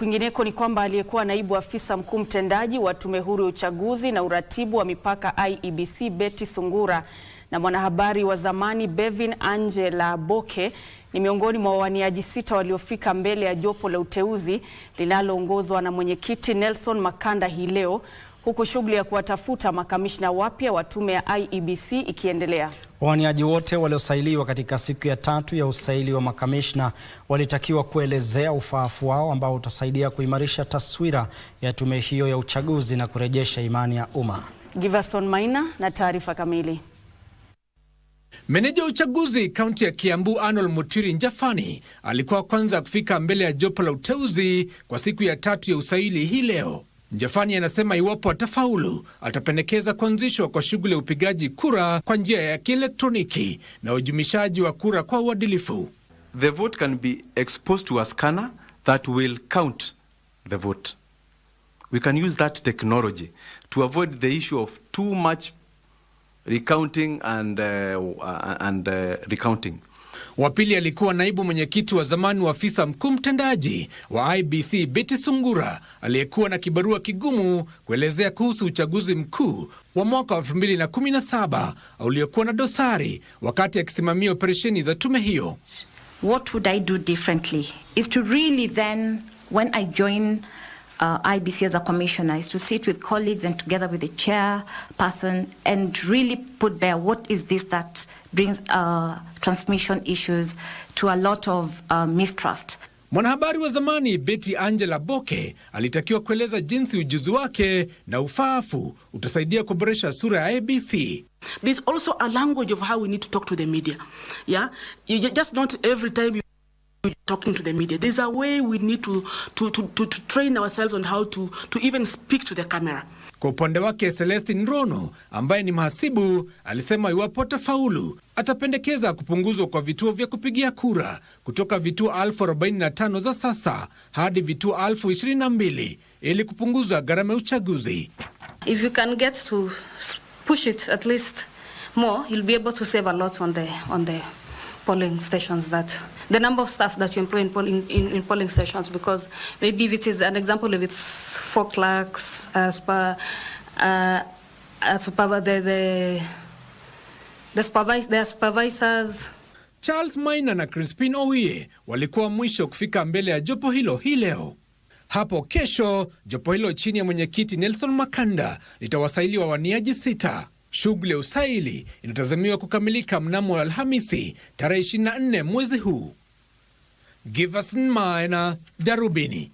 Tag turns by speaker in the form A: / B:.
A: Kwingineko ni kwamba aliyekuwa naibu afisa mkuu mtendaji wa Tume Huru ya Uchaguzi na Uratibu wa Mipaka IEBC Betty Sungura na mwanahabari wa zamani Bevin Angela Boke ni miongoni mwa wawaniaji sita waliofika mbele ya jopo la uteuzi linaloongozwa na mwenyekiti Nelson Makanda hii leo huku shughuli ya kuwatafuta makamishna wapya wa tume ya IEBC ikiendelea.
B: Wawaniaji wote waliosailiwa katika siku ya tatu ya usaili wa makamishna walitakiwa kuelezea ufaafu wao ambao utasaidia kuimarisha taswira ya tume hiyo ya uchaguzi na kurejesha imani ya umma.
C: Giverson Maina na taarifa kamili.
D: Meneja wa uchaguzi kaunti ya Kiambu Arnold Mutiri Njafani alikuwa kwanza kufika mbele ya jopo la uteuzi kwa siku ya tatu ya usaili hii leo. Jafani anasema iwapo atafaulu atapendekeza kuanzishwa kwa shughuli ya upigaji kura kwa njia ya kielektroniki na ujumishaji wa kura kwa uadilifu.
E: The vote can be exposed to a scanner that will count the vote. We can use that technology to avoid the issue of too much recounting and, uh, and, uh, recounting.
D: Wa pili alikuwa naibu mwenyekiti wa zamani wa afisa mkuu mtendaji wa IBC Betty Sungura aliyekuwa na kibarua kigumu kuelezea kuhusu uchaguzi mkuu wa mwaka wa 2017 uliokuwa na dosari wakati akisimamia operesheni za tume hiyo.
F: What would I do differently is to really then when I join uh, IBC as a commissioner is to sit with colleagues and together with the chairperson and really put bare what is this that brings uh, transmission issues to a lot of uh, mistrust.
D: Mwanahabari wa zamani Betty Angela Boke alitakiwa kueleza jinsi ujuzi wake na ufaafu utasaidia kuboresha sura ya IEBC.
G: There's also a language of how we need to talk to the media. Yeah? You just not every time you talking to the media. There's a way we need to, to, to, to, to train ourselves on how to, to even speak to the camera.
D: Kwa upande wake Celestin Rono ambaye ni mhasibu alisema iwapo atafaulu atapendekeza kupunguzwa kwa vituo vya kupigia kura kutoka vituo elfu arobaini za sasa hadi vituo elfu ishirini ili kupunguza gharama ya uchaguzi.
H: If you can get to push it at least more, you'll be able to save a lot on the, on the polling stations that the number of staff that you employ in polling, in, in polling stations because maybe if it is an example if it's four clerks as per uh, as per the, the, the, supervis the supervisors
D: Charles Maina na Crispin Owie walikuwa mwisho kufika mbele ya jopo hilo hii leo. Hapo kesho jopo hilo chini ya mwenyekiti Nelson Makanda litawasaili wa waniaji sita. Shughuli ya usaili inatazamiwa kukamilika mnamo Alhamisi tarehe 24 mwezi huu. Giverson Maina, Darubini.